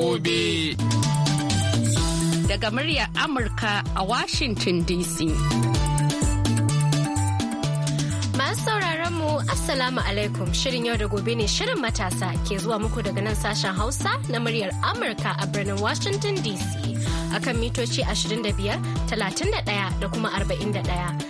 gobe. Daga muryar Amurka a Washington DC. Masu sauraron mu Assalamu alaikum shirin yau da gobe ne shirin matasa ke zuwa muku daga nan sashen Hausa na muryar Amurka a birnin Washington DC. akan mitoci 25, 31 da kuma 41.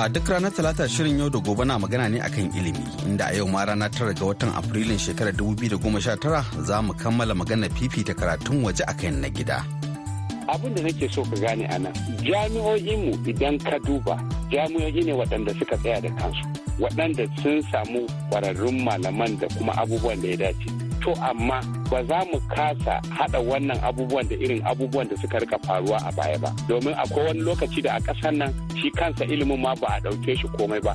A duk ranar Talata shirin yau da gobe na magana ne akan ilimi, inda a yau ma rana tara ga watan Afrilun shekarar 2019 za mu kammala magana fifita karatun waje akan na gida. Abin da nake so ka gane a nan, jami'o'inmu idan ka duba, jami'o'i ne waɗanda suka tsaya da kansu, waɗanda sun samu kwararrun malaman da kuma abubuwan da ya dace. to amma ba za mu kasa hada wannan abubuwan da irin abubuwan da suka rika faruwa a baya ba domin akwai wani lokaci da a ƙasar nan shi kansa ilimin ma ba a ɗauke shi komai ba.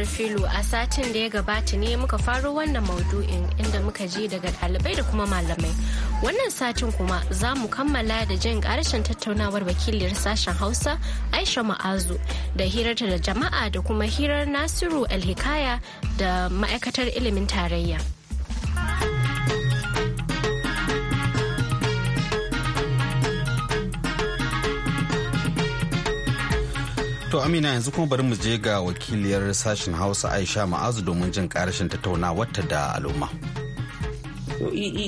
Nasar filo a satin da ya gabata ne muka faro wannan maudu'in inda muka ji daga dalibai da kuma malamai. Wannan satin kuma za mu kammala da jin karshen tattaunawar wakiliyar sashen Hausa Aisha Ma'azu da hirarta da jama'a da kuma hirar Nasiru Alhikaya da ma'aikatar ilimin tarayya. To Amina yanzu kuma bari mu je ga wakiliyar sashen Hausa Aisha Ma'azu domin jin karashin tattaunawar ta da al'umma.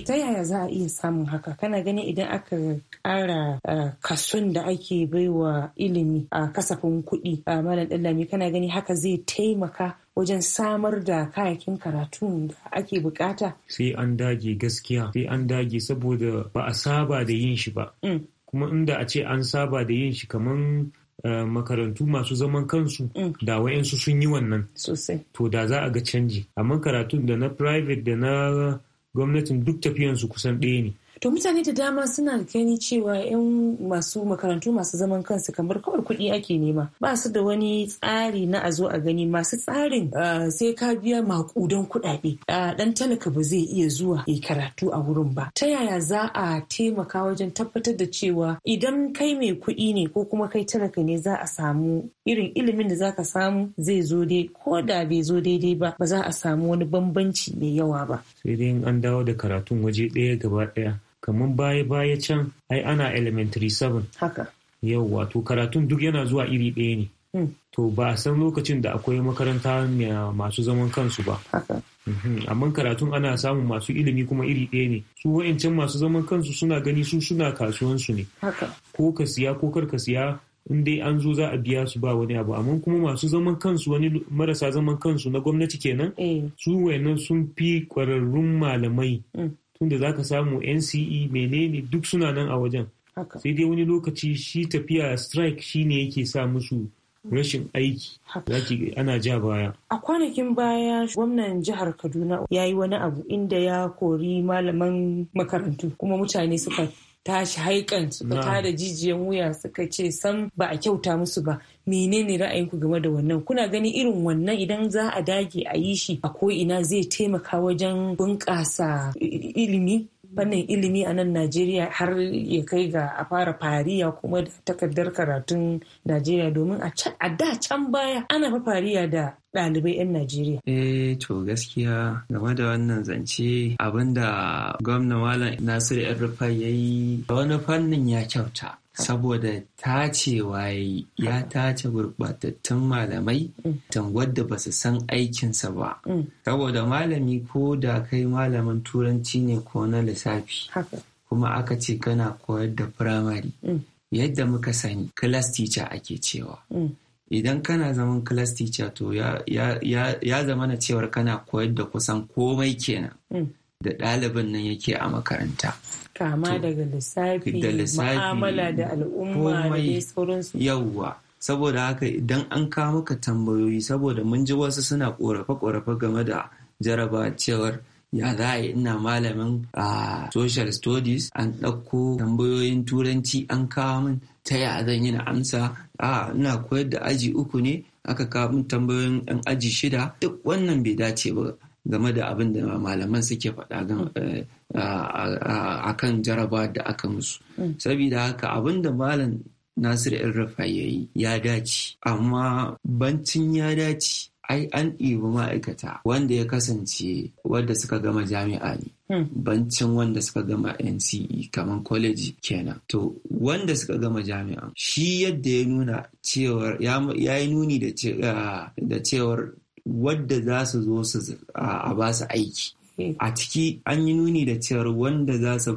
ta yaya za a iya samun haka kana gani idan aka kara kason da ake baiwa ilimi a kasafin kuɗi a malam ɗallami kana gani haka zai taimaka wajen samar da kayakin karatu da ake bukata sai an dage gaskiya sai an dage saboda ba a saba da yin shi ba mm. kuma inda a ce an saba da yin shi kamar Eh, makarantu masu zaman kansu mm. da wayansu sun yi wannan sosai to da za a ga canji amma karatun da na private da na gwamnatin duk tafiyansu kusan ɗaya ne to mutane da dama suna gani cewa yan masu makarantu masu zaman kansu kamar kawai kuɗi ake nema ba su da wani tsari na a zo a gani masu tsarin ah, sai ka biya makudan kuɗaɗe dan ah, talaka ba zai iya zuwa ya karatu a wurin ba ta yaya za a taimaka wajen tabbatar da cewa idan kai mai kuɗi ne ko kuma kai talaka ne za a samu irin ilimin da za ka samu zai zo dai ko da bai zo daidai ba ba za a samu wani bambanci mai yawa ba sai dai an dawo da karatun waje ɗaya gaba ɗaya kamar baya-baya can ai ana elementary 7 haka yau wato karatun duk yana zuwa iri ɗaya ne hmm. to ba a san lokacin da akwai makaranta masu zaman kansu ba mhm. amma karatun ana samun masu ilimi kuma iri ɗaya ne su wa'ancan masu zaman kansu suna gani su suna kasuwansu ne ko ka siya ko kar ka siya in dai an zo za a biya su ba wani abu amma kuma masu zaman kansu wani marasa zaman kansu na gwamnati kenan eh. su wayannan sun fi kwararrun malamai hmm. inda za ka samu nce menene duk suna nan a wajen sai dai wani lokaci shi tafiya strike shine yake sa musu rashin aiki zaki ana ja baya. A kwanakin baya gwamnan jihar Kaduna ya yi wani abu inda ya kori malaman makarantu kuma mutane suka tashi haikan suka tada jijiyan wuya suka ce san ba a kyauta musu ba menene ra'ayinku game da wannan kuna gani irin wannan idan za a dage a yi shi a ko ina zai taimaka wajen bunƙasa ilimi fannin ilimi a nan najeriya har ya kai ga a fara fariya kuma da takardar karatun najeriya domin a da can baya ana fa fariya da ɗalibai 'yan Najeriya? Eh to gaskiya game da wannan zance abinda gwamna Malam Nasiru ‘yan ya yi wani fannin ya kyauta. saboda tacewa yayi ya tace gurɓatattun malamai mm. wadda ba su san aikinsa ba mm. saboda malami ko da kai malamin turanci ne ko na lissafi kuma aka ce kana koyar da firamare mm. yadda muka sani class teacher ake cewa idan kana zaman class teacher to ya zama na cewar kana koyar da kusan komai kenan da ɗalibin nan yake a makaranta kama daga lissafi ma'amala da al'umma da sauransu yawwa saboda haka idan an kawo maka tambayoyi saboda mun ji wasu suna korafe-korafe game da jaraba cewar ya za a yi ina malamin a social studies an ɗauko tambayoyin turanci an kawo min ta ya zan yi na amsa a ina koyar da aji uku ne aka kawo min tambayoyin yan aji shida duk wannan bai dace ba game da abin da malaman suke faɗa mm. eh, a kan jaraba da aka musu mm. saboda haka abin da malam nasiru el rafa ya ya dace amma bancin ya dace ai an ɗibi ma'aikata wanda ya kasance wadda suka gama jami'a ne mm. bancin wanda suka gama NCE kamar college kenan. To wanda suka gama jami'a shi yadda ya nuna cewar ya yi nuni da ah, cewar wadda za su zo su a ba su aiki hmm. a ciki an yi nuni da cewar wanda za su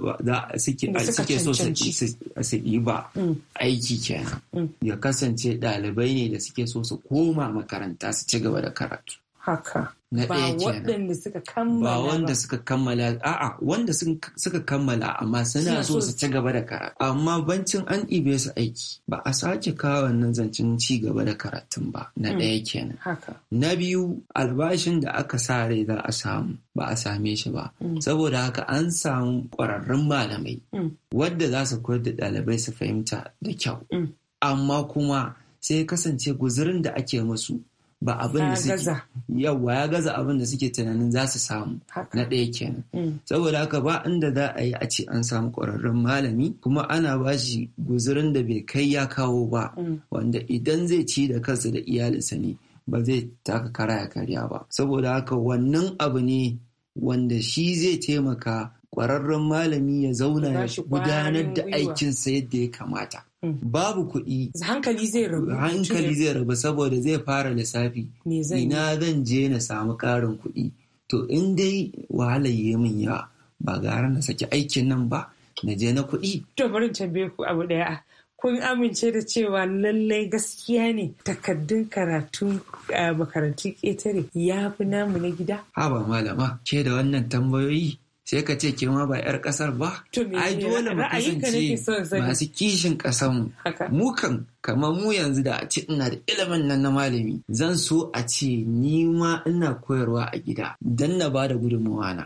suke so su ba hmm. aiki kenan hmm. ya kasance ɗalibai ne da suke so su koma makaranta su ci gaba da karatu haka na ɗaya nan ba waɗanda suka kammala ba wanda suka kammala a'a wanda suka kammala amma suna so su ci gaba da karatu amma bancin an ɗibe su aiki ba a sake kawo wannan zancen ci gaba da karatun ba na mm. ɗaya kenan na biyu albashin da aka sa rai za a samu ba a same shi ba mm. saboda haka an samu ƙwararrun malamai mm. wadda za su koyar da ɗalibai su fahimta da kyau amma kuma sai kasance guzurin da ake musu ba abin da suke yawa ya gaza abin da suke tunanin za su samu na ɗaya kenan mm. saboda haka ba inda za a yi a ce an samu ƙwararren malami kuma ana ba shi guzurin da bai kai ya kawo ba mm. wanda idan zai ci da kansa da iyalinsa ne ba zai taka kara ya karya ba saboda haka wannan abu ne wanda shi zai taimaka ƙwararren malami ya zauna ya gudanar da aikinsa yadda ya kamata babu kuɗi hankali zai rabu hankali zai rabu saboda zai fara lissafi ina zan je na samu ƙarin kuɗi to in dai wahalar yi min yawa ba gara na saki aikin nan ba na je na kuɗi to bari tambaye ku abu ɗaya kun amince da cewa lallai gaskiya ne takardun karatu a eh, makarantun ƙetare ya fi namu na gida? Haba malama, ke da wannan tambayoyi sai ka ce ke ma ba 'yar kasar ba ai dole mu kasance masu kishin kasanmu mu kan kamar mu yanzu da a ce ina da ilimin nan na malami zan so a ce ni ma ina koyarwa a gida don na ba da gudunmawa na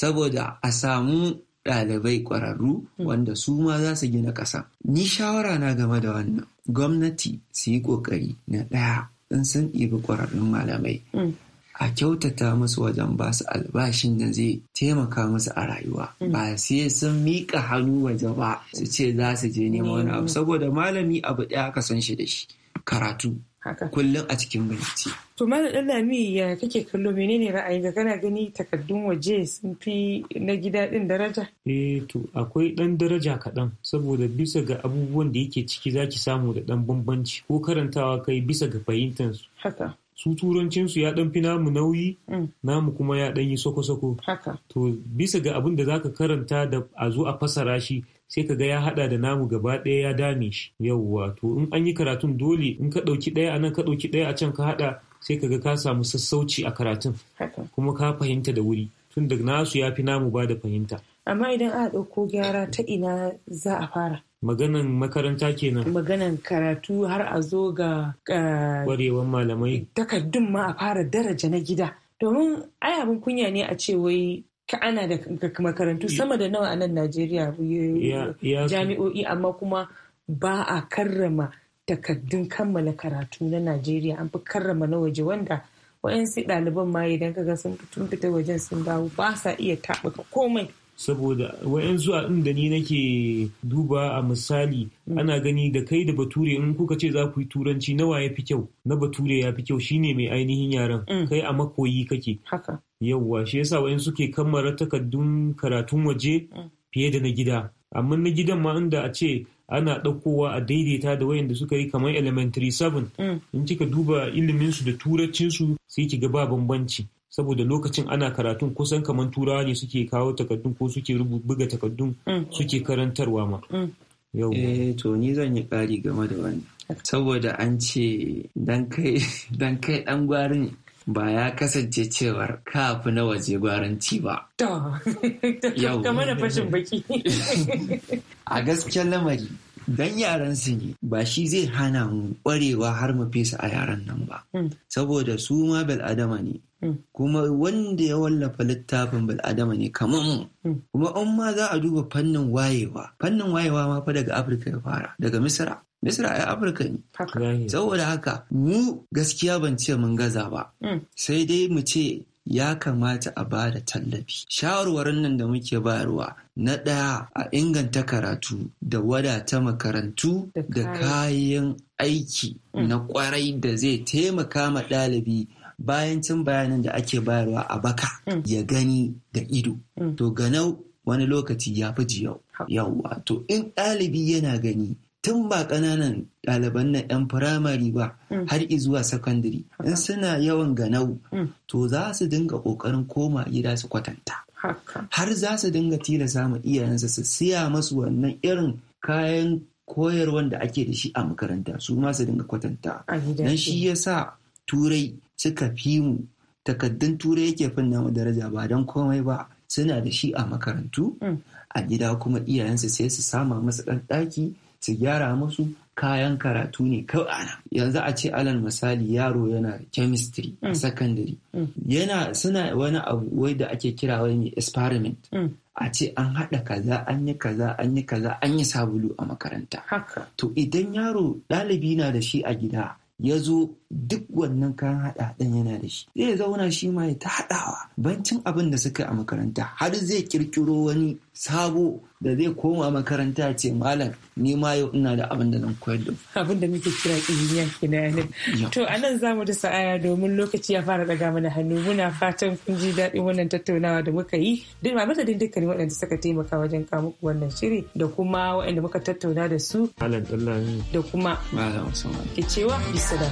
saboda a samu ɗalibai ƙwararru hmm. wanda su ma za su gina ƙasa. Ni shawara na game da wannan gwamnati su yi ƙoƙari na ɗaya in sun ɗibi ƙwararrun malamai hmm. a kyautata musu wajen ba su albashin da zai taimaka musu a rayuwa mm. ba sai sun miƙa hannu waje ba su ce za su je neman wani abu saboda malami abu ɗaya aka san shi da shi karatu kullum a cikin bincike. To ɗan Lami ya kake kallo menene ra'ayi ga kana gani takaddun waje sun fi na gida din daraja? Eh to akwai dan daraja kaɗan saboda bisa ga abubuwan da yake ciki zaki samu da ɗan bambanci ko karantawa kai bisa ga fahimtansu. Haka. su turancinsu ya dan fi namu nauyi mm. namu kuma ya dan yi sako-sako to bisa ga abin da zaka karanta da a zo a fasara shi sai ka ga ya hada da namu gaba ɗaya ya dame shi yawwa to in an yi karatun dole in ka ɗauki ɗaya a nan ka ɗauki ɗaya a can ka hada sai ka ga ka samu sassauci a karatun kuma ka fahimta da wuri tun da nasu ya fi namu ba da fahimta amma idan aka ɗauko gyara ta ina za a fara maganan makaranta kenan maganan karatu har a zo ga kwarewan malamai takardun ma a fara daraja na gida domin ai abin kunya ne a ce wai ka ana da makarantu sama da nawa a nan najeriya jami'o'i amma kuma ba a karrama takardun kammala karatu na najeriya an fi karrama na waje wanda wayansu ɗaliban ma idan ga sun fita wajen sun dawo ba sa iya taɓuka komai saboda wa'yan zuwa inda ni nake duba a misali mm. ana gani da kai da bature in kuka ce za ku yi turanci nawa ya fi kyau na bature ya fi kyau shine mai ainihin yaren mm. kai a makoyi kake yauwa shi yasa wa'yan suke kammara takardun karatun waje mm. fiye da na gida amma na gidan ma inda a ce ana ɗaukowa a daidaita da wayanda suka yi kamar elementary 7 in kika duba iliminsu da turancinsu sai ki ga ba bambanci saboda lokacin ana karatun kusan kamar turawa ne suke kawo takardun ko suke buga takardun mm. suke karantarwa ma mm. eh, to ni zan yi kari game da wani saboda an ce dan kai dan kai ba ya kasance cewar kafu na waje gwaranci ba. Yau. Kamar da fashin baki. A gaskiyar lamari dan yaran su ne ba shi zai hana mu kwarewa har mu fesa a yaran nan ba hmm. saboda su ma bil'adama ne hmm. kuma wanda ya wallafa littafin bil'adama ne kamar mu hmm. kuma in ma za a duba fannin wayewa fannin wayewa ma fa daga afirka ya fara daga misra Misra ai Afirka ne. Saboda haka mu gaskiya ban ce mun gaza ba. Sai dai mu ce ya kamata a ba da tallafi. Shawarwarin nan da muke bayarwa na ɗaya a inganta karatu da wadata makarantu da kayan aiki mm. na kwarai da zai taimaka ma ɗalibi bayan cin bayanin da ake bayarwa a baka mm. ya gani da ido. Mm. To ganau wani lokaci ya fi jiyau. Yawwa to in ɗalibi yana gani tun ba ƙananan ɗaliban na 'yan firamare ba mm. har zuwa sakandare in suna yawan ganau mm. to za su dinga ƙoƙarin koma gida su kwatanta har za su dinga tilasa samun iyayensa su siya masu wannan irin kayan koyarwan da ake da shi a makaranta su ma su dinga kwatanta don shi ya sa turai suka fi mu takaddun turai yake finna mu daraja ba don komai ba suna da shi a makarantu mm. a gida kuma iyayensu sai su sama masu ɗan ɗaki su gyara musu kayan karatu ne kawai yanzu a ce alal misali yaro yana chemistry a mm. secondary mm. yana suna wani abu wai da ake kira mai experiment mm. a ce an haɗa kaza an yi kaza an yi kaza an yi sabulu a makaranta to idan yaro ɗalibi na da shi a gida ya zo duk wannan kayan haɗa haɗen yana da shi zai zauna shi ma ya ta haɗawa bancin abin da suka a makaranta har zai kirkiro wani sabo da zai koma makaranta ce malam ni ma yau ina da abin da zan koyar da abin da muke kira injiniya kenan to nan za mu da sa'aya domin lokaci ya fara daga mana hannu muna fatan kun ji daɗin wannan tattaunawa da muka yi duk ma madadin dukkanin waɗanda suka taimaka wajen kawo wannan shiri da kuma waɗanda muka tattauna da su malam da kuma malam usman ke cewa bisala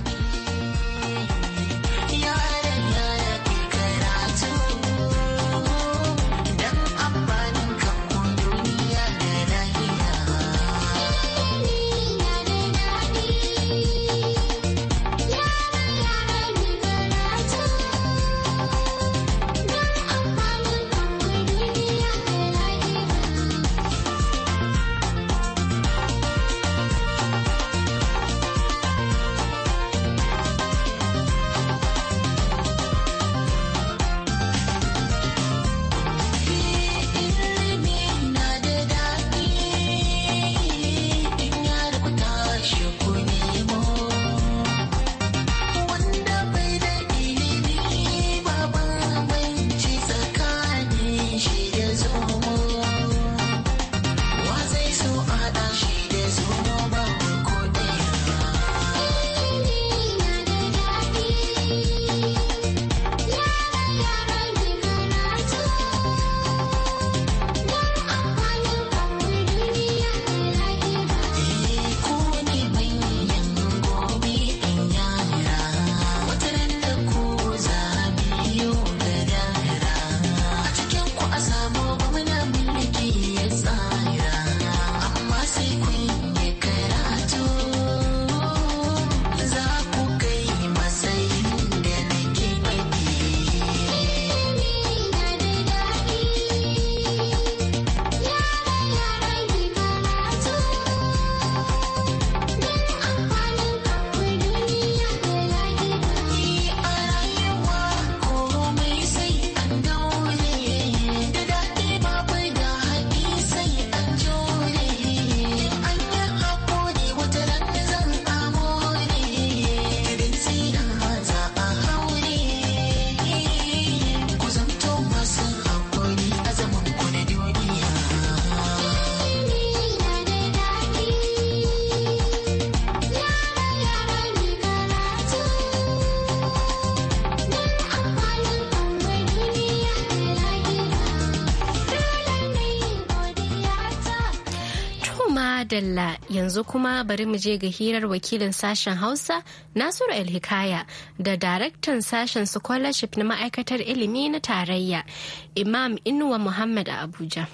dalla yanzu kuma bari mu je ga hirar wakilin sashen Hausa Nasiru el da daraktan sashen scholarship na ma'aikatar ilimi na tarayya Imam Inuwa Muhammad a Abuja.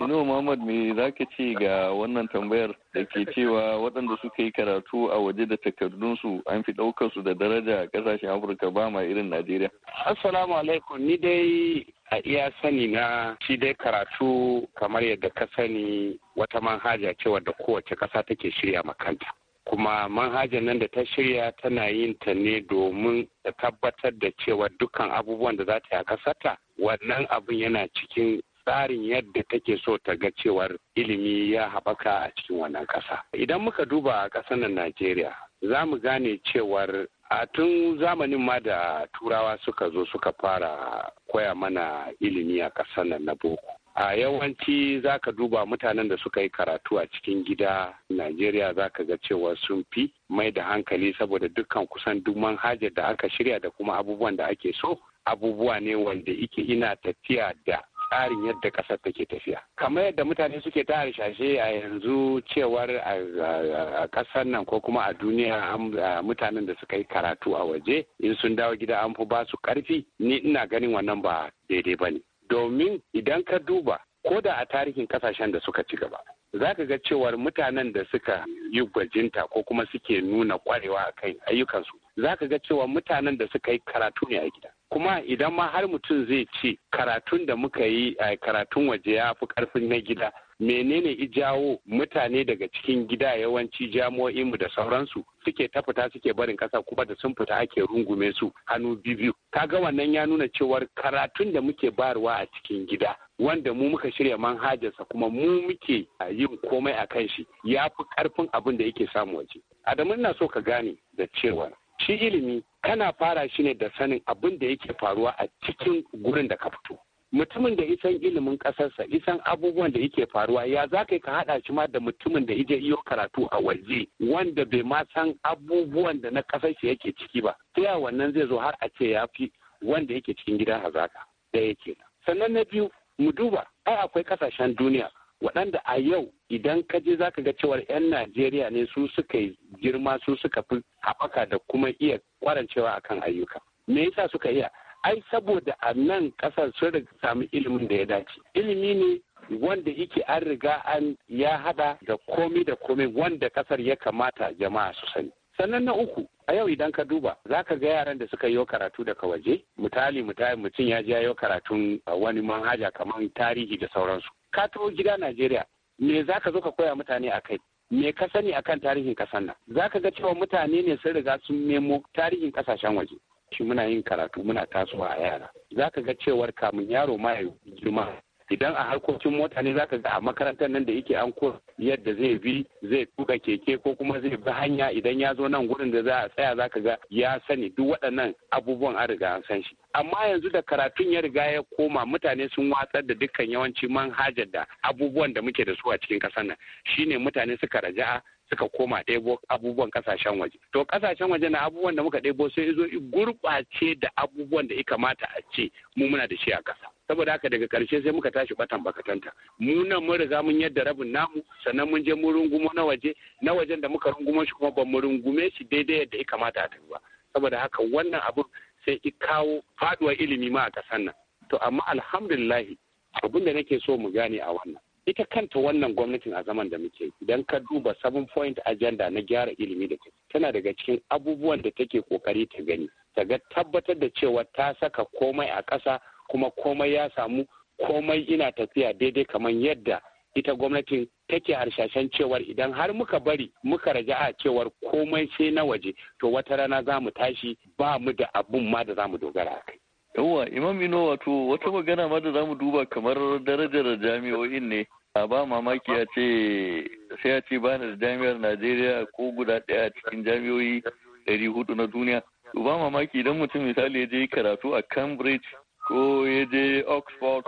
Inuwa Muhammad me za ce ga wannan tambayar da ke cewa waɗanda suka yi karatu a waje da takardunsu an fi ɗaukar da daraja a ƙasashen Afirka ba ma irin Najeriya. Assalamu alaikum ni dai a iya sani na shi dai karatu kamar yadda ka sani wata manhaja ce wadda kowace ƙasa take shirya makanta kuma manhajar nan da ta shirya tana yin ta ne domin ta tabbatar da cewa dukkan abubuwan da za ta yi a ƙasarta wannan abin yana cikin tsarin yadda take so ta ga cewar ilimi ya haɓaka a cikin wannan ƙasa. Idan muka duba a ƙasar nan Najeriya, za mu gane cewar a tun zamanin ma da turawa suka zo suka fara koya mana ilimi a ƙasar nan na boko a yawanci za ka duba mutanen da suka yi karatu a cikin gida najeriya za ka ga cewa sun fi mai da hankali saboda dukkan kusan duk manhajar da aka shirya da kuma abubuwan da ake so abubuwa ne wanda ike ina tafiya da tsarin yadda ƙasar take tafiya kamar yadda mutane suke ta harshashe a yanzu cewar a ƙasar nan ko kuma a duniya mutanen da suka yi karatu a waje in sun dawo gida an fi ba su ƙarfi ni ina ganin wannan ba daidai ba ne domin idan ka duba ko da a tarihin kasashen da suka ci gaba za ka ga cewar mutanen da suka yi gwajinta ko kuma suke nuna kwarewa a kai ayyukansu za ka ga cewa mutanen da suka yi karatu ne a gida kuma idan ma har mutum zai ce karatun da muka yi a eh, karatun waje ya fi karfin na gida menene jawo mutane daga cikin gida yawanci jami'o'inmu da sauransu suke ta fita suke barin kasa kuma da sun fita ake rungume su hannu biyu kaga wannan ya nuna cewar karatun da muke barwa a cikin gida wanda mu muka shirya manhajarsa kuma mu muke eh, yin komai a kan shi ya fi karfin abin da yake samu waje adamu ina so ka gane da cewa shi ilimi kana fara shi ne da sanin abin da yake faruwa a cikin gurin da ka fito mutumin da isan ilimin ƙasarsa isan abubuwan da yake faruwa ya za ka ka haɗa shi ma da mutumin da ije iyo karatu a waje wanda bai ma san abubuwan da na ƙasar shi yake ciki ba ta wannan zai zo har a ce ya fi wanda yake cikin gidan hazaka da yake sannan na biyu mu duba ai akwai kasashen duniya waɗanda a yau idan ka je zaka ga cewar 'yan Najeriya ne su suka yi girma su suka fi haɓaka da kuma iya kwarancewa akan ayyuka. Me yasa suka iya? Ai saboda a nan ƙasar sun sami ilimin da ya dace. Ilimi ne wanda yake an riga an ya hada da komi da komi wanda ƙasar ya kamata jama'a su sani. sannan na uku a yau idan ka duba za ka ga yaran da suka yi karatu daga waje mutali mutum ya je ya karatun wani manhaja kamar tarihi da sauransu ka taho gida najeriya me za ka zo ka koya mutane a kai me ka sani a kan tarihin ƙasar nan za ka ga cewa mutane ne sun riga sun nemo tarihin ƙasashen waje shi muna yin karatu muna tasowa a yara za ka ga cewar kamun yaro ma ya girma idan a harkokin mota ne zaka ga a makarantar nan da yake an ko yadda zai bi zai tuka keke ko kuma zai bi hanya idan ya zo nan gurin da za a tsaya zaka ga ya sani duk waɗannan abubuwan an riga an san shi amma yanzu da karatun ya riga ya koma mutane sun watsar da dukkan yawanci manhajar da abubuwan da muke da su a cikin ƙasar nan shine mutane suka raja'a suka koma ɗebo abubuwan kasashen waje to kasashen waje na abubuwan da muka ɗebo sai zo gurɓace da abubuwan da ya kamata a ce mu muna da shi a ƙasa saboda haka daga karshe sai muka tashi batan bakatanta mu nan mun riga mun yadda rabin namu sannan mun je mun rungumo na waje na wajen da muka rungumo shi kuma ba mu rungume shi daidai yadda ya kamata a tafi ba saboda haka wannan abun sai i kawo faduwar ilimi ma a kasan nan to amma alhamdulillahi abin da nake so mu gane a wannan ita kanta wannan gwamnatin a zaman da muke idan ka duba seven point agenda na gyara ilimi da tana daga cikin abubuwan da take kokari ta gani ta ga tabbatar da cewa ta saka komai a ƙasa kuma komai ya samu komai ina tafiya daidai kamar yadda ita gwamnatin take harshashen cewar idan har muka bari muka a cewar komai sai na waje to wata rana za mu tashi ba mu da abun ma da za mu dogara a kai yawa imam ino wato wata magana ma da zamu duba kamar darajar jami'o'in ne a ba mamaki a ce sai a ce bani da jami'ar najeriya ko guda ɗaya a cikin jami'o'i ɗari hudu na duniya to ba mamaki idan mutum misali ya je karatu a cambridge ko ya je oxford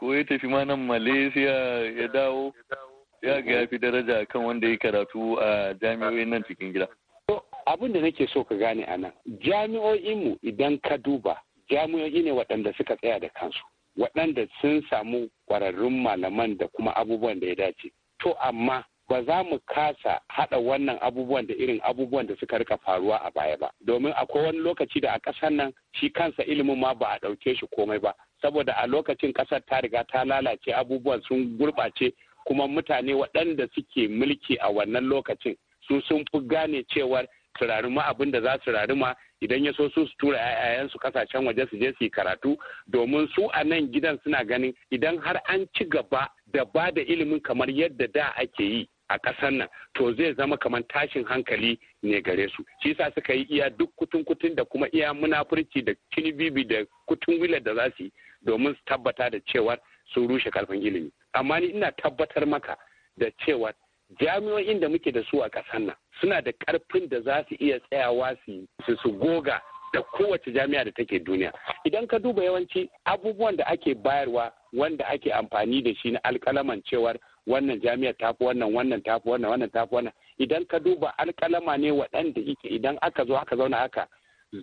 ko ya tafi ma nan malaysia ya dawo ya ga ya fi daraja kan wanda ya karatu a jami'o'in nan cikin gida. abin da nake so ka gane anan. jami'o'inmu idan ka duba jami'o'i ne waɗanda suka tsaya da kansu waɗanda sun samu ƙwararrun malaman da kuma abubuwan da ya dace to amma ba za mu kasa haɗa wannan abubuwan da irin abubuwan da suka rika faruwa a baya ba domin akwai wani lokaci da a ƙasar nan shi kansa ilimin ma ba a ɗauke shi komai ba saboda a lokacin ƙasar ta riga ta lalace abubuwan sun gurɓace kuma mutane waɗanda suke mulki a wannan lokacin su sun fi gane cewar su abin da za su raruma idan ya so su tura yayansu kasashen waje su je su yi karatu domin su a nan gidan suna ganin idan har an ci gaba da ba da ilimin kamar yadda da ake yi a ƙasar nan to zai zama kamar tashin hankali ne gare su shi sa suka yi iya duk kutun kutun da kuma iya munafurci da kinibibi da kutun wila da za su yi domin su tabbata da cewa sun rushe karfin ilimi amma ni ina tabbatar maka da cewa jami'o'in da muke da su a ƙasar nan suna da ƙarfin da za su iya tsayawa su su goga da kowace jami'a da take duniya idan ka duba yawanci abubuwan da ake bayarwa wanda ake amfani da shi na alkalaman cewar wannan jami'ar tafi wannan wannan tafi wannan wannan tafi wannan idan ka duba alkalama ne waɗanda yake idan aka zo aka zauna aka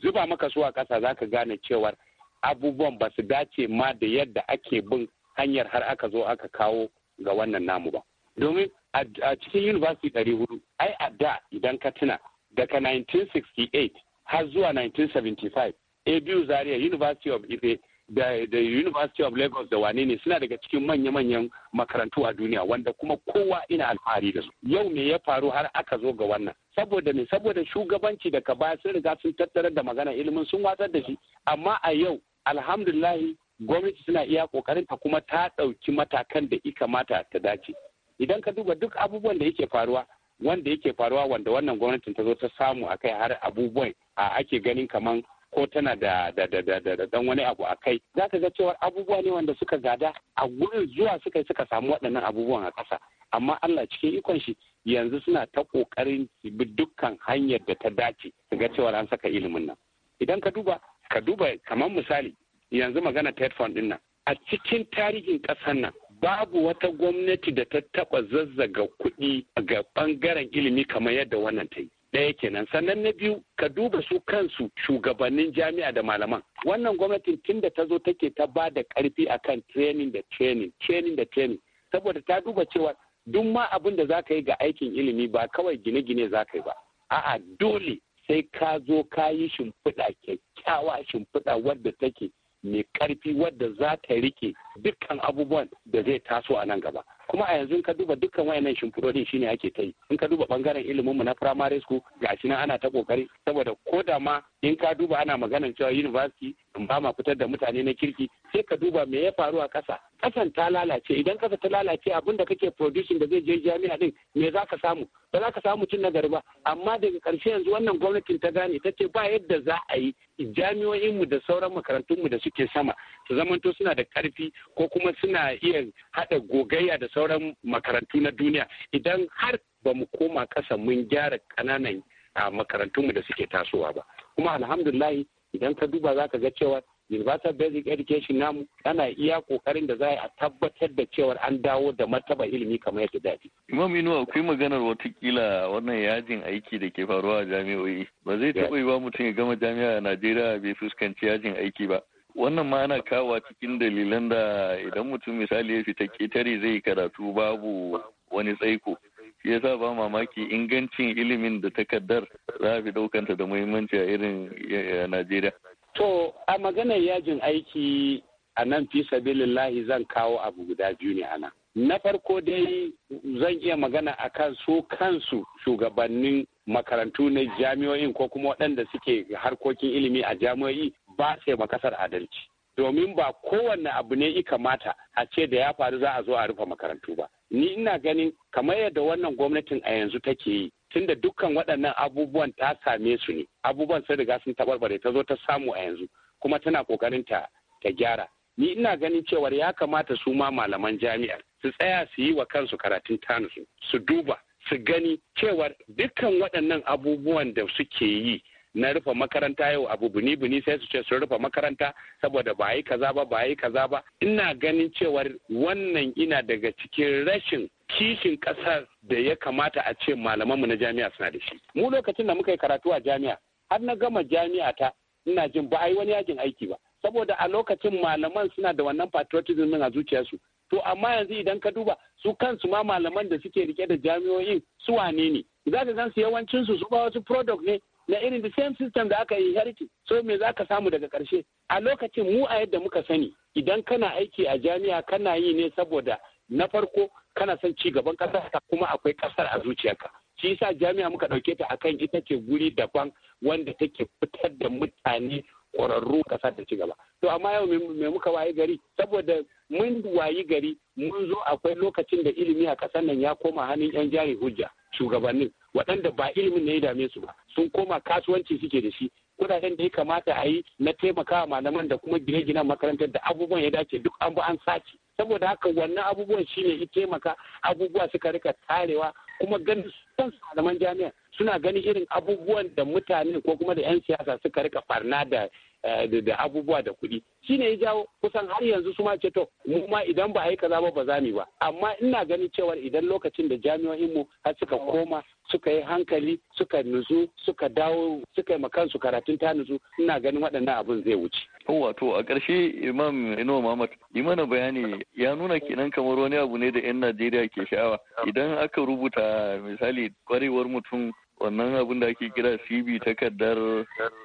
zuba maka su a ƙasa za ka gane cewar abubuwan ba su dace ma da yadda ake bin hanyar har aka zo aka kawo ga wannan namu ba domin a cikin university ɗari hudu ai a da idan ka tuna daga 1968 har zuwa 1975 abu zaria university of ife da, university of lagos da wane ne suna daga cikin manya-manyan makarantu a duniya wanda kuma kowa ina alfahari da su yau me ya faru har aka zo ga wannan saboda me saboda shugabanci da ka baya sun riga sun tattara da magana ilimin sun watsar da shi amma a yau alhamdulillahi gwamnati suna iya kokarin ta kuma ta ɗauki matakan da ikamata ta dace idan ka duba duk abubuwan da yake faruwa wanda yake faruwa wanda wannan gwamnatin ta zo ta samu a kai har abubuwan a ake ganin kamar ko tana da da da da da dan wani abu a kai za ka ga cewa abubuwa ne wanda suka gada a gurin zuwa suka suka samu waɗannan abubuwan a ƙasa amma Allah cikin ikon shi yanzu suna ta ƙoƙarin su bi dukkan hanyar da ta dace su ga cewa an saka ilimin nan idan ka duba ka duba kamar misali yanzu magana TED Fund din nan a cikin tarihin ƙasar nan babu wata gwamnati da ta taɓa zazzaga kuɗi ga ɓangaren ilimi kamar yadda wannan ta yi. ɗaya kenan sannan na biyu ka duba su kansu shugabannin jami'a da malaman wannan gwamnatin tun da ta zo take ta ba da ƙarfi kan training da training training da training saboda ta duba cewa duk ma abin da za ka yi ga aikin ilimi ba kawai gine-gine za ka yi ba a'a dole sai ka zo ka yi shimfiɗa kyakkyawa shimfiɗa wadda take mai karfi wadda za ta rike dukkan abubuwan da zai taso a nan gaba kuma a yanzu in ka duba dukkan wayannan shimfidodin shine ake ta yi in ka duba ɓangaren ilimin mu na primary school gashi nan ana ta ƙoƙari. saboda ko da ma in ka duba ana maganar cewa university in ba ma fitar da mutane na kirki sai ka duba me ya faru a ƙasa. kasan ta lalace idan kasa ta lalace abin da kake producing da zai je jami'a din me za ka samu ba za ka samu cin nagari ba amma daga karshe yanzu wannan gwamnatin ta gane ta ce ba yadda za a yi jami'o'inmu da sauran makarantunmu da suke sama su zamanto suna da karfi ko kuma suna iya hada gogayya da sauran makarantu na duniya idan har ba mu koma kasa mun gyara kananan makarantunmu da suke tasowa ba kuma alhamdulahi idan ka duba za ka ga cewa universal basic education namu ana iya kokarin da za a tabbatar da cewar an dawo da martaba ilimi kamar yadda dace. Imam Inuwa akwai maganar watakila wannan yajin aiki da ke faruwa a jami'o'i ba zai taɓa yi ba mutum ya gama jami'a a Najeriya bai fuskanci yajin aiki ba. Wannan ma ana kawo cikin dalilan da idan mutum misali ya fita ketare zai karatu babu wani tsaiko. shi yasa ba mamaki ingancin ilimin da takardar za a fi daukanta da muhimmanci a irin eh, Najeriya. To, a maganar yajin aiki a nan fi sabilillahi zan kawo abu guda biyu ne ana. Na farko dai zan iya magana a kan su kansu shugabannin makarantu na jami'o'in ko kuma waɗanda suke harkokin ilimi a jami'o'i ba sai makasar adalci. Domin ba kowanne abu ne i kamata a ce da ya faru za a zo a rufe makarantu ba. Ni ina ganin kamar yadda wannan gwamnatin a yanzu take yi tunda dukkan waɗannan abubuwan ta same su ne abubuwan sun riga sun tabarbare ta zo ta samu a yanzu kuma tana kokarin ta ta gyara ni ina ganin cewar ya kamata su ma malaman jami'ar su tsaya su yi wa kansu karatun tanusu su duba su gani cewar dukkan waɗannan abubuwan da suke yi na rufe makaranta yau abu bini buni sai su ce sun rufe makaranta saboda ba yi kaza ba ba yi kaza ba ina ganin cewar wannan ina daga cikin rashin kishin ƙasar da ya kamata a ce malamanmu na jami'a suna da shi. Mu lokacin da muka yi karatu a jami'a, har na gama jami'a ta ina jin ba a yi wani yajin aiki ba. Saboda a lokacin malaman suna da wannan patriotism a zuciyarsu. To amma yanzu idan ka duba su kansu ma malaman da suke rike da jami'o'in su wane ne. Za ka gansu yawancinsu su ba wasu product ne na irin the same system da aka inherit so me za ka samu daga ƙarshe? a lokacin mu a yadda muka sani idan kana aiki a jami'a kana yi ne saboda na farko kana son ci gaban ƙasar kuma akwai ƙasar a zuciyarka shi yasa jami'a muka ɗauke ta akan ita ce guri daban wanda take fitar da mutane ƙwararru ƙasa da ci gaba to amma yau me muka wayi gari saboda mun wayi gari mun zo akwai lokacin da ilimi a ƙasar nan ya koma hannun yan jari hujja shugabannin waɗanda ba ilimin ne ya dame su ba sun koma kasuwanci suke da shi kudaden da ya kamata a yi na taimakawa malaman da kuma gine-ginen makarantar da abubuwan ya dace duk an bi an sace saboda haka wannan abubuwan shine ya taimaka abubuwa suka rika tarewa kuma ganin son malaman jami'a suna ganin irin abubuwan da mutane ko kuma da 'yan siyasa suka rika farna da Eh, da abubuwa da kuɗi shi ne ya jawo kusan har yanzu su ma ce to mu ma idan ba a yi kaza ba ba za mu ba amma ina ganin cewa idan lokacin da jami'o'in mu har suka koma suka yi hankali suka nutsu suka dawo suka yi kansu karatun ta nutsu ina ganin waɗannan abun zai wuce. wato a ƙarshe imam ino mamat yi mana bayani ya nuna kenan kamar wani abu ne da 'yan najeriya ke sha'awa idan aka rubuta misali kwarewar mutum wannan abin da ake kira cv takardar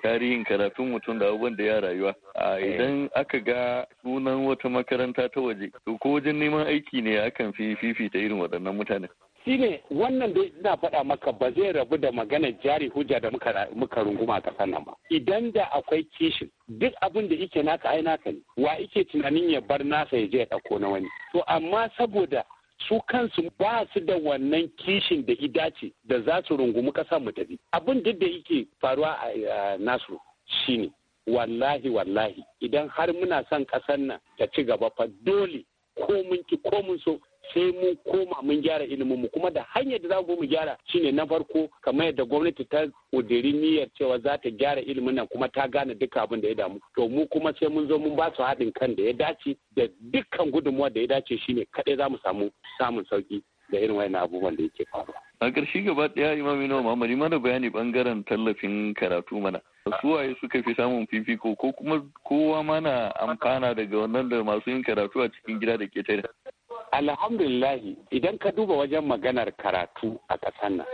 tarihin karatun mutum da abubuwan da ya rayuwa a idan aka ga sunan wata makaranta ta waje to ko wajen neman aiki ne akan fi fifita irin waɗannan mutane shine wannan dai ina faɗa maka ba zai rabu da maganar jari hujja da muka runguma ƙasar nan ba idan da akwai kishin duk abin da ike naka ai naka ne wa ike tunanin ya bar nasa ya je ya ɗauko na wani to amma saboda su kansu ba su da wannan kishin da idace da za su rungumi kasa mu tafi abin duk da yake faruwa a nasu shine wallahi wallahi idan har muna son ƙasar nan ta ci gaba fa dole ko mun ki ko mun so sai mu koma mun gyara ilimin mu kuma da hanyar da za mu mu gyara shine na farko kamar yadda gwamnati ta kudiri niyyar cewa za ta gyara ilimin nan kuma ta gane duka abin da ya damu to mu kuma sai mun zo mun ba su haɗin kan da ya dace da dukkan gudunmuwa da ya dace shine kaɗai za mu samu samun sauki da irin wayan abubuwan da yake faruwa. a ƙarshe gaba ɗaya imami na mamari mana bayani ɓangaren tallafin karatu mana waye suka fi samun fifiko ko kuma kowa mana amfana daga wannan da masu yin karatu a cikin gida da tare. alhamdulillahi idan ka duba wajen maganar karatu a ƙasar nan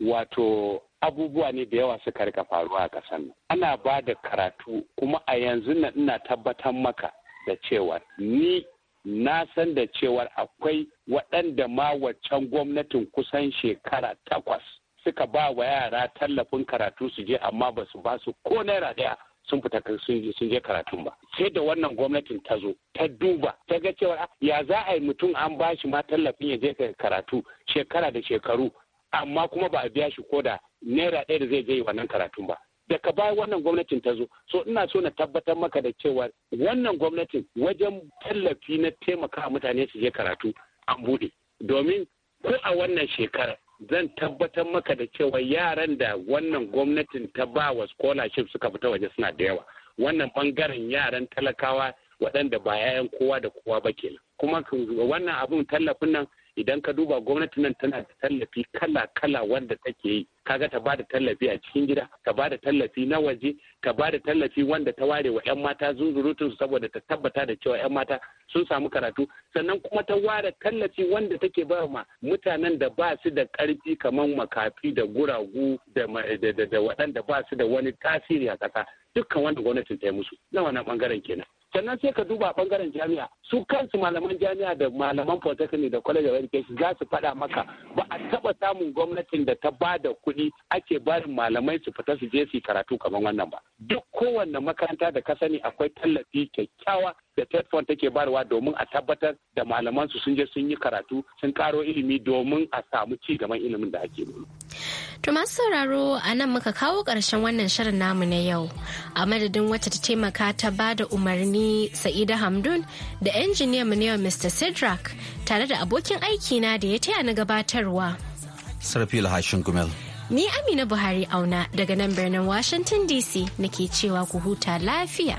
wato abubuwa ne da yawa suka rika faruwa a ƙasar nan ana ba da karatu kuma a yanzu na ina tabbatar maka da cewa ni na san da cewar akwai waɗanda ma waccan gwamnatin kusan shekara takwas suka ba wa yara tallafin karatu su je amma ba su ba su ko naira ɗaya sun fita sun je karatu ba sai da wannan gwamnatin ta zo ta duba ta ga cewa ah, ya za a yi mutum an ba shi ma tallafin ya je karatu shekara da shekaru amma kuma ba a biya shi ko da naira ɗaya da zai je wannan karatun ba daga baya wannan gwamnatin ta zo so ina so na tabbatar maka da cewa wannan gwamnatin wajen tallafi na taimaka mutane su je karatu an buɗe domin ko a wannan shekarar zan tabbatar maka da cewa yaran da wannan gwamnatin ta ba wa scholarship suka fita waje suna da yawa wannan bangaren yaran talakawa waɗanda ba yayan kowa da kowa ba kenan kuma wannan abun tallafin nan idan ka duba gwamnati nan tana da tallafi kala-kala wanda take yi kaga ta bada tallafi a cikin gida Ka bada tallafi na waje Ka bada tallafi wanda ta ware wa 'yan mata zunzurutun saboda ta tabbata da cewa 'yan mata sun samu karatu sannan kuma ta ware tallafi wanda take ba ma mutanen da ba su da karfi kamar makafi da guragu da waɗanda ba su da wani tasiri a ƙasa dukkan wanda gwamnatin ta yi musu na wannan bangaren kenan sannan sai ka duba bangaren jami'a su kansu malaman jami'a da malaman polytechnic da college of education za su faɗa maka ba a taɓa samun gwamnatin da ta ba da kuɗi ake barin malamai su fita su je su karatu kamar wannan ba duk kowanne makaranta da ka sani akwai tallafi kyakkyawa da TETFON take barwa domin a tabbatar da malaman su sun je sun yi karatu sun karo ilimi domin a samu ci gaban ilimin da ake nuna. To masu sauraro a nan muka kawo ƙarshen wannan shirin namu na yau. A madadin wata ta taimaka ta ba da umarni Sa'ida Hamdun da injiniya mu yau Mr. Sidrak tare da abokin aiki na da ya taya na gabatarwa. Sarfil Hashin Gumel. Ni Amina Buhari auna daga nan birnin Washington DC nake cewa ku huta lafiya.